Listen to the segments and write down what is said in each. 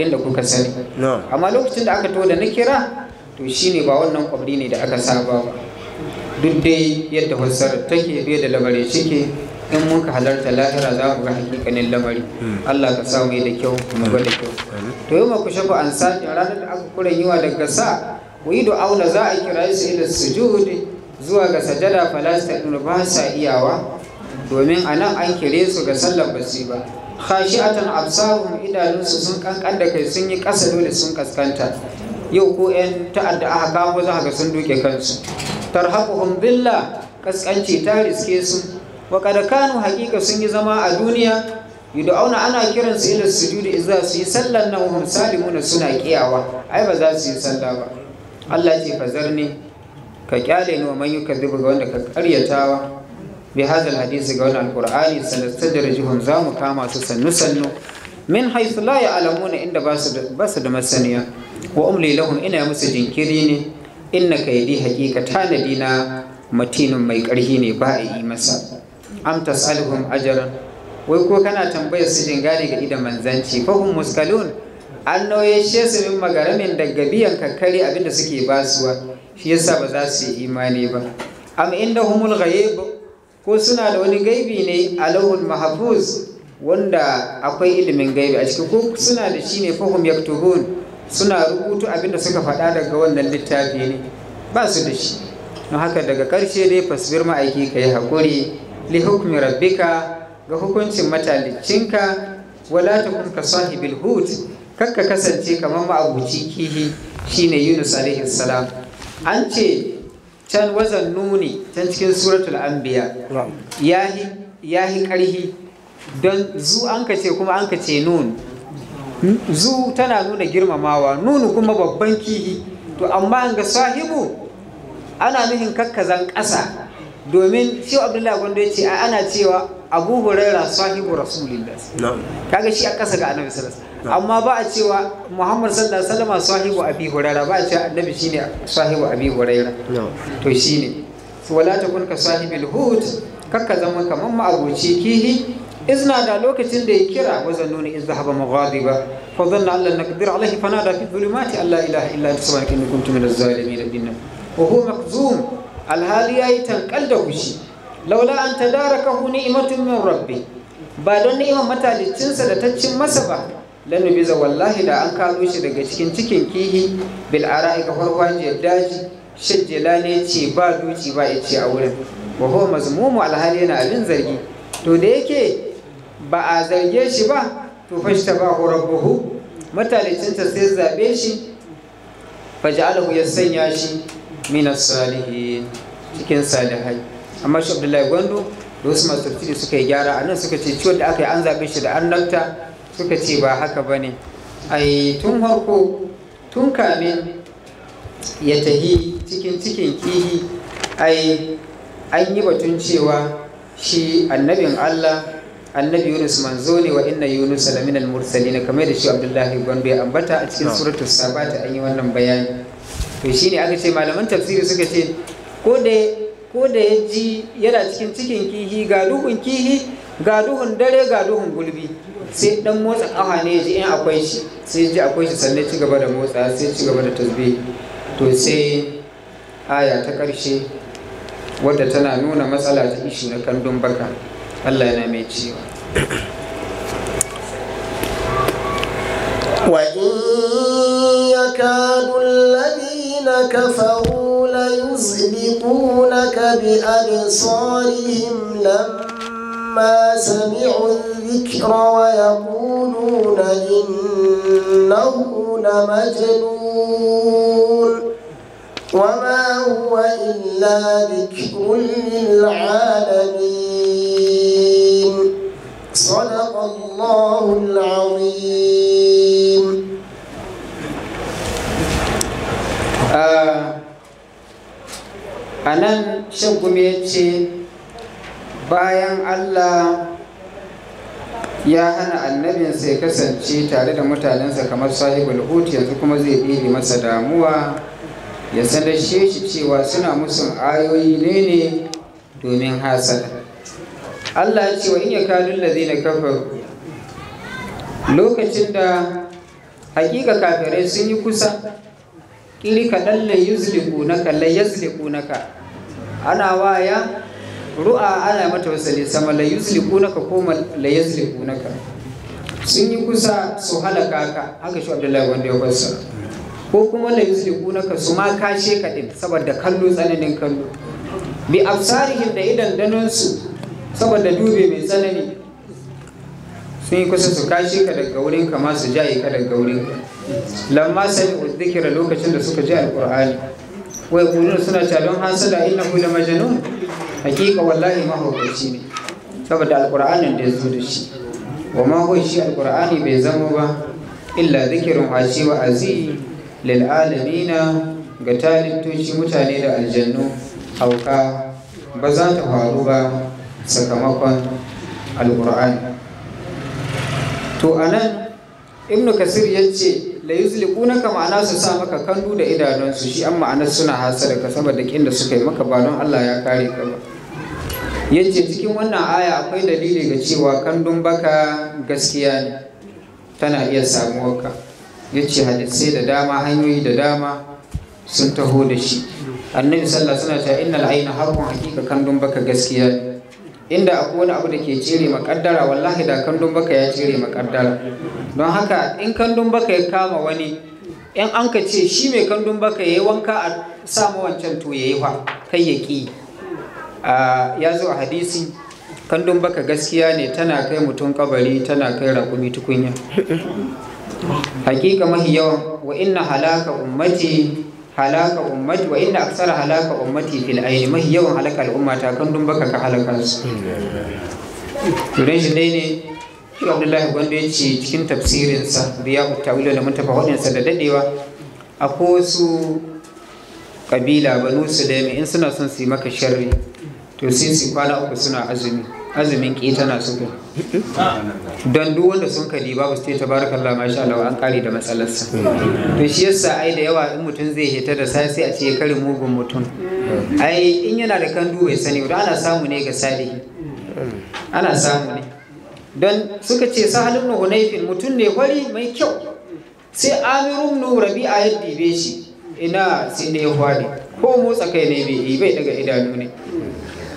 kwabrin da kuka sani amma lokacin da aka to da na kira to shine ba wannan kwabri ne da aka saba ba duk dai yadda fassara take bai da labari shike in muka halarta lahira za mu ga hakikanin lamari hmm. Allah ka samu da kyau mu ga da kyau hmm. to yau ku shafa an sake ranar da aka kuren yiwa daga sa ku yi aula za a kira su ila sujud zuwa ga sajada falasta in ba sa iyawa domin anan an kire su ga sallar basi ba khashi'atan absaruhum idanunsu sun kankan da kai sun yi kasa dole sun kaskanta yau ko 'yan ta'adda aka kawo za ga sun duke kansu tarhaquhum billah kaskanci ta riske su wa kad kanu haqiqa sun yi zama a duniya auna ana kiran su ila sujudi idza su yi sallan nan hum salimuna suna kiyawa ai ba za su yi sallah ba Allah ce fazarni ka kyale ni wa man yukadibu ga wanda ka karyatawa bi hadal hadisi ga wannan alqur'ani sanastadrijuhum za mu kama su sannu sannu min haythu la ya'lamuna inda basu da masaniya wa umli lahum ina musu jinkiri ne inna kaydi haqiqa tanadi na matinin mai ƙarfi ne ba a yi masa am tas'aluhum ajran wai ko kana tambayar su jingari ga idan manzanci fa hum muskalun an noyashe su min magaramin daga biyan kakkari abinda suke basuwa shi yasa ba za su yi imani ba am inda humul ghaib ko suna da wani gaibi ne a lauhul mahafuz wanda akwai ilimin gaibi a ciki ko suna da shi ne fahim yaktubun suna rubutu abinda suka faɗa daga wannan littafi ne ba su da shi don haka daga ƙarshe dai fasbir ma'aiki ka yi haƙuri li hukmi rabbika ga hukuncin matalicinka wala ta kun ka sahibil hut kakka kasance kamar ma'abuci kihi shine yunus alaihi salam an ce can wazan nuni can cikin suratul anbiya ya yi ƙarhi don zu an ka ce kuma an ka ce nun hmm? zu tana nuna girmamawa nunu kuma babban kihi to amma ga sahibu ana nuhin kakkazan ƙasa domin shi abdullahi gwando ya ce ana cewa abu huraira sahibu rasulillah kaga shi a ƙasa ga annabi sallallahu amma ba a cewa muhammad sallallahu alaihi wasallam sahibu abi huraira ba a cewa annabi shine sahibu abi huraira to shine wala takun ka sahibil hut kakka zama kaman ma'abuci kihi izna da lokacin da ya kira wa zannuni iz zahaba maghadiba fa dhanna alla naqdir alayhi fa nada fi dhulumati alla ilaha illa anta subhanaka inni kuntu minaz zalimin dinna wa huwa maqzum alhali yayi tankal da kushi laula an tadarakahu ni'matun min rabbi ba don ni'imar matalicinsa da ta cin masa ba lanubiza wallahi da an kano shi daga cikin cikin kihi bil ara'i ka ji daji shajjala lane ce ba duci ba ya ce a wurin wa ho mazmumu alhali yana abin zargi to da yake ba a zarge shi ba to ta ba hu rabbuhu ta sai zabe shi fa ya sanya shi min salihin cikin salihai amma shi Abdullahi Gwando da wasu masu tafsiri suka yi gyara a nan suka ce ciwon da aka yi an zabe shi da annabta suka ce ba haka ba ne ai tun harko tun kamin ya tahi cikin cikin kihi ai an yi batun cewa shi annabin Allah annabi Yunus manzo ne wa inna Yunus la minal mursalin kamar da shi Abdullahi ibn bai ambata a cikin suratul sabata an yi wannan bayani to shine aka ce malaman tafsiri suka ce ko da ya ji yana cikin cikin kihi ga dukun kihi ga duhun dare ga duhun gulbi sai dan motsa kafa ne ji in akwai shi sai ji akwai shi sannan ci gaba da motsa sai ci gaba da tasbih to sai aya ta karshe wadda tana nuna matsala ta ishi na kandun baka Allah yana mai ciwo وإن يكاد الذين كفروا bi بأبصارهم لما لما سمعوا الذكر ويقولون إنه لمجنون وما هو إلا ذكر للعالمين صدق الله العظيم آه أنا شكرا bayan Allah ya hana annabinsa ya kasance tare da mutanensa kamar sahibul hut yanzu kuma zai ɗebe masa damuwa ya sanashe shi cewa suna musun ayoyi ne ne domin hasada Allah ya ce wa in ya kalun na kafar lokacin da hakika kafirai sun yi kusa kiri kaɗan la naka la yuzliku naka ana waya ru'a ana mata wasali sama la yuzliqunaka ko la yazliqunaka sun yi kusa su halaka ka haka shi Abdullahi wanda ya kwasa ko kuma la yuzliqunaka su ma kashe ka din saboda kallo tsananin kallo bi absarihim da idan danon su saboda dube mai tsanani sun yi kusa su kashe ka daga wurin ka ma su jaye ka daga wurin ka lamma sami dhikra lokacin da suka ji alqur'ani wai kulun suna cewa don hasada innahu la majnun hakika wallahi mahaukaci ne saboda Alƙur'ani da ya zo da shi wa ma shi alkur'ani bai zama ba illa zikirin wace wa azi lil na ga talittoci mutane da aljannu hauka ba za ta faru ba sakamakon Alƙur'ani. to anan ibnu kasir ya ce la kuna ka ma'ana su sa maka kandu da su shi an ma'ana suna hasara ka saboda kin da suka yi maka ba don Allah ya kare ka ba yace cikin wannan aya akwai dalili ga cewa kandun baka gaskiya ne tana iya samuwa ka yace hadisai da dama hanyoyi da dama sun taho da shi annabi sallallahu alaihi wasallam ta innal aina harfun hakika kandun baka gaskiya ne inda akwai wani abu da ke cire makaddara wallahi da kandun baka ya cire makaddara don haka in kandun baka ya kama wani in an ka ce shi mai kandun baka ya yi wanka a samu wancan to ya yi fa kai ya ki ya zo a hadisi kandun baka gaskiya ne tana kai mutum kabari tana kai rakumi tukunya hakika mahi yawan wa inna halaka ummati halaka ummati wa inna aksara halaka ummati fil aini mahi yawan halaka al'umma ta kan dun baka ka halaka su turan shi dai ne shi abdullahi gwando ya ce cikin tafsirinsa biya ta'wilo da mutafa waɗansa da dadewa a wasu kabila banu sulaimi in suna son su yi maka sharri to sai su kwana uku suna azumi azumin ƙetana suka don duk wanda sun kadi babu su ta baraka Allah sha Allah an kare da matsalarsa to shi yasa ai da yawa in mutum zai hita da sai a ce karin mugun mutum ai in yana da kandu bai sani ba ana samu ne ga salihi ana samu ne don suka ce sahalin nuhu naifin mutum ne kwari mai kyau sai amirun nu rabi'a ya dibe shi ina sai ne ya kwari ko motsa kai ne bai yi bai daga idanu ne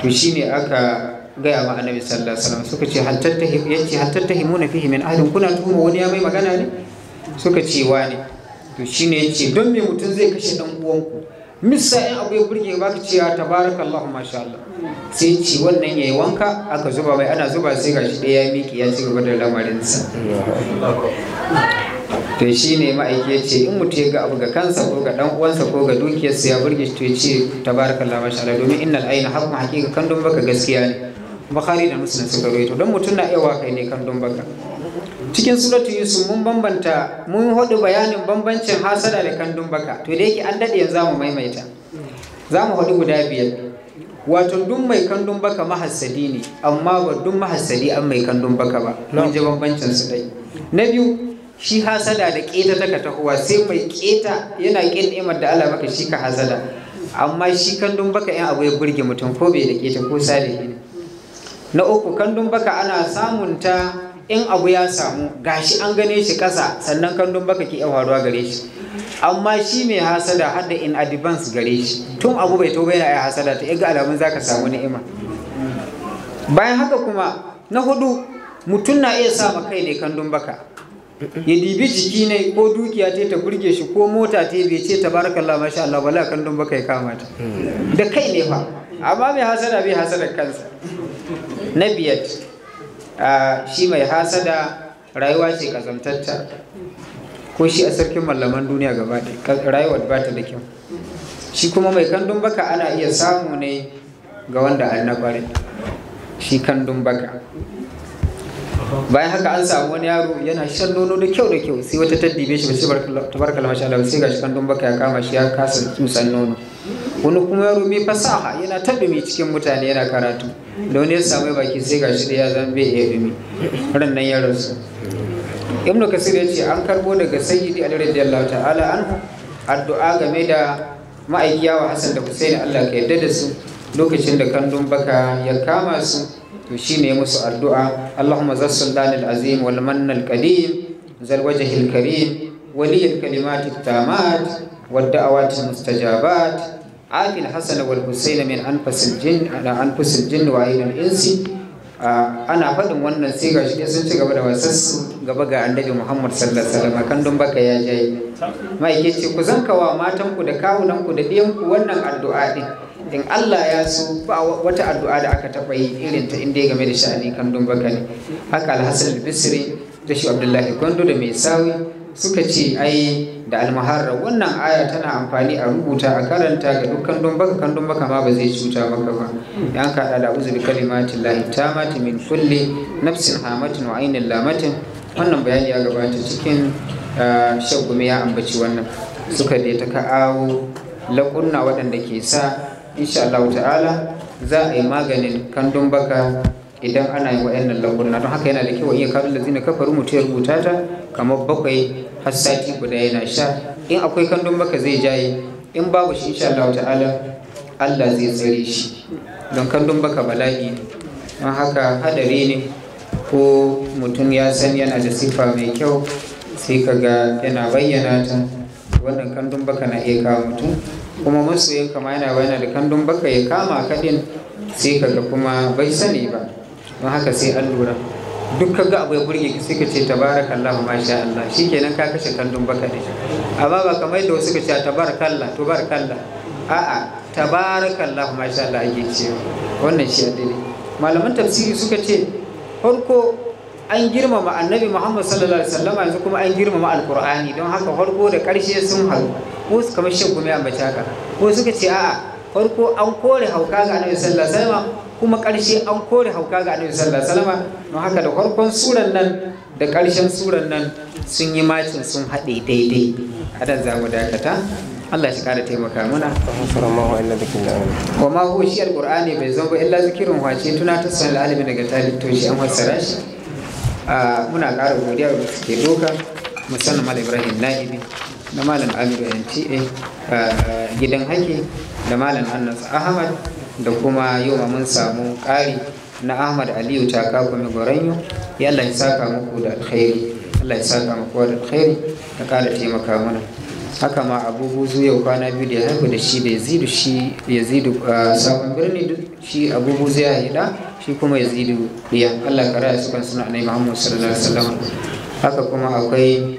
to shine aka gaya wa annabi sallallahu alaihi wasallam suka ce hal tattahi yace hal tattahimuna fihi min ahlin kuna tuhuma wani ya mai magana ne suka ce wani to shine yace don me mutum zai kashe dan uwanku misa in abu ya burge ba ka cewa tabarakallahu masha Allah sai ce wannan yayi wanka aka zuba mai ana zuba sai gashi ɗaya ya miki ya ci gaba da lamarinsa to shi ne ma'aiki ya ce in mutum ya ga abu ga kansa ko ga dan uwansa ko ga dukiyarsa ya burge shi to ya ce tabarakallah masha Allah domin innal ayna haqqan haqiqa kan don baka gaskiya ne bukhari da muslim suka rawaito don mutum na iya wakai ne kan don baka cikin suratu yusuf mun bambanta mun hudu bayanin bambancin hasada da kan don baka to da yake an dade yanzu mu maimaita za mu hudu guda biyar wato duk mai kandun baka mahassadi ne amma ba duk mahassadi an mai kandun baka ba mun ji bambancin su dai na biyu shi hasada da keta daga tahowa sai mai keta yana ƙin da Allah maka shi ka hasada amma shi kandun baka yan abu ya burge mutum ko bai da keta ko ne na uku kandun baka ana samun ta in abu ya samu gashi an gane shi ƙasa sannan kandun baka ke faruwa gare shi amma shi mai hasada hada in advance gare shi tun abu bai to bai ya hasada ta ga alamun zaka samu ni'ima bayan haka kuma na hudu mutum na iya sa kai ne kandun baka ya dibi jiki ne ko dukiya ta ta burge shi ko mota ta bai ce tabarakallah masha Allah wala kandun baka ya kama ta da kai ne fa amma mai hasada bai hasada kansa na biyar shi mai hasada rayuwa ce kazantatta ko shi a sarkin mallaman duniya gaba rayuwar ba ta da kyau shi kuma mai kandun baka ana iya samu ne ga wanda annabare shi kandun baka bayan haka an samu wani yaro yana shan nono da kyau da kyau sai wata taddibe shi ba sai tabarkala masha sai sai gashi kandun baka ya kama shi ya kasa tsusan nono wani kuma yaro mai fasaha yana ta dumi cikin mutane yana karatu da wani ya samu baki sai gashi da ya zan bai iya dumi ran nan ya rasu ibnu kasir ya ce an karbo daga sayyidi ali radiyallahu ta'ala an addu'a game da ma'aikiya wa hasan da husaini Allah ka yarda da su lokacin da kandun baka ya kama su to shine musu addu'a Allahumma zassallanil azim wal mannal qadim zal wajhil karim kalimatit الكلمات التامات da'awatil mustajabat عافي الحسن والحسين من أنفس الجن على أنفس الجن وعين الإنس أنا فدن wannan sai ga shi sun ci gaba da wasas gaba ga annabi Muhammad sallallahu alaihi wasallam kan don baka ya yi. mai ce ku zankawa matan ku da kawunan ku da biyan ku wannan addu'a din in Allah ya so ba wata addu'a da aka taba yi irin ta inda game da sha'ani kan baka ne haka alhasan al-bisri da shi Abdullahi Gondo da mai sawi suka ce ai da almaharra wannan aya tana amfani a rubuta a karanta ga dukkan kandun baka kan dumbaka ma ba zai cuta maka ba yan kada da uzu bi kalimatin lahi tamati min kulli nafsin hamatin wa ainin lamatin wannan bayani ya gabata cikin ah, shagumi ya ambaci wannan suka dai ta ka'awo laƙunna waɗanda ke sa insha Allah ta'ala za a yi maganin kandun baka idan ana yin wa'annan laƙunna don haka yana da kyau in ya kawo lazina kafa mutu ya rubuta ta kamar bakwai har sati guda yana sha in akwai kandun maka zai jaye in babu shi insha Allah ta'ala Allah zai tsare shi don kandun baka bala'i ne don haka hadari ne ko mutum ya san yana da sifa mai kyau sai kaga yana bayyana ta wannan kandun baka na iya kawo mutum kuma yin kama yana bayyana da kandun baka ya kama kaɗin, sai kaga kuma bai sani ba don haka sai an lura duk ka ga abu ya burge ka sai ka ce Allah ma sha Allah shikenan ka kashe kandun baka ne amma ba kamar yadda wasu ka ce tabarakallah tabarakallah a'a Allah ma sha Allah ake ce wannan shi ne malaman tafsiri suka ce farko an girmama annabi muhammad sallallahu alaihi wasallam yanzu kuma an girmama alqur'ani don haka farko da karshe sun haru ko su kamar shan gumi a bacaka ko suka ce a'a farko an kore hauka ga annabi sallallahu alaihi wasallam kuma ƙarshe an kore hauka ga annabi sallallahu alaihi wasallam don haka da farkon suran nan da ƙarshen suran nan sun yi macin sun haɗe daidai adan za mu dakata Allah shi kara taimaka mana. Wa ma ƙur'ani shi alqur'ani bai zama illa wa wace tuna ta sanin alimi daga talib to shi an fassara shi. muna ƙara godiya ga suke doka musamman Malam Ibrahim Na'ibi da Malam Amiru Yanci gidan haki da Malam Annas Ahmad da kuma yau mun samu ƙari na ahmad aliyu kafa mai goranyo ya Allah ya saka muku da alkhairi Allah ya saka muku da alkhairi ta ƙara taimaka mana haka ma abubu zu yau kwana biyu da ya haihu da shi da yazidu shi yazidu ah, sabon birni shi abubu zu ya haida shi kuma yazidu biya Allah ka raya su kan suna annabi Muhammad sallallahu alaihi wasallam haka kuma akwai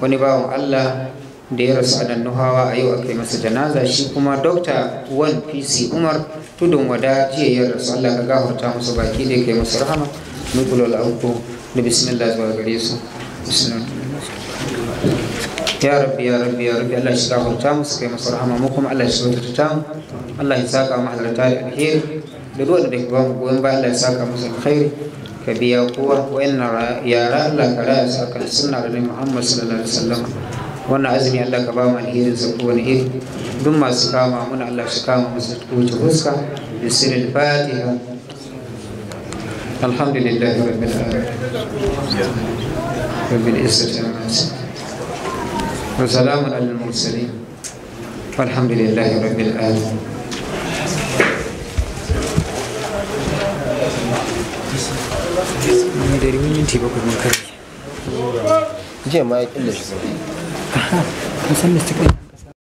wani bawan Allah da ya rasu a nuhawa a yau aka yi masa janaza shi kuma dokta 1 pc umar tudun wada jiya ya rasu allah ka gafarta musu baki da kai musu rahama nukul al'auku da bismillah zuwa gare su ya rabbi ya rabbi ya rabbi allah shi gafarta musu kai musu rahama mu kuma allah shi wata ta allah ya saka ma halarta da alheri da duwanda da ba mu goyon ba allah ya saka musu alheri ka biya kowa yana yara allah ka raya su suna sunna da muhammad sallallahu alaihi wasallam wannan azumi Allah ka ba mu alherin sa kowane iri duk masu kama muna Allah su kama musu kowace fuska da sirrin fatiha alhamdulillah rabbil alamin rabbil izzati amma wa salamun alal mursalin walhamdulillah rabbil alamin Dari minti bakwai mun kare. Jiya ma ya killa shi ها نسمي استكمال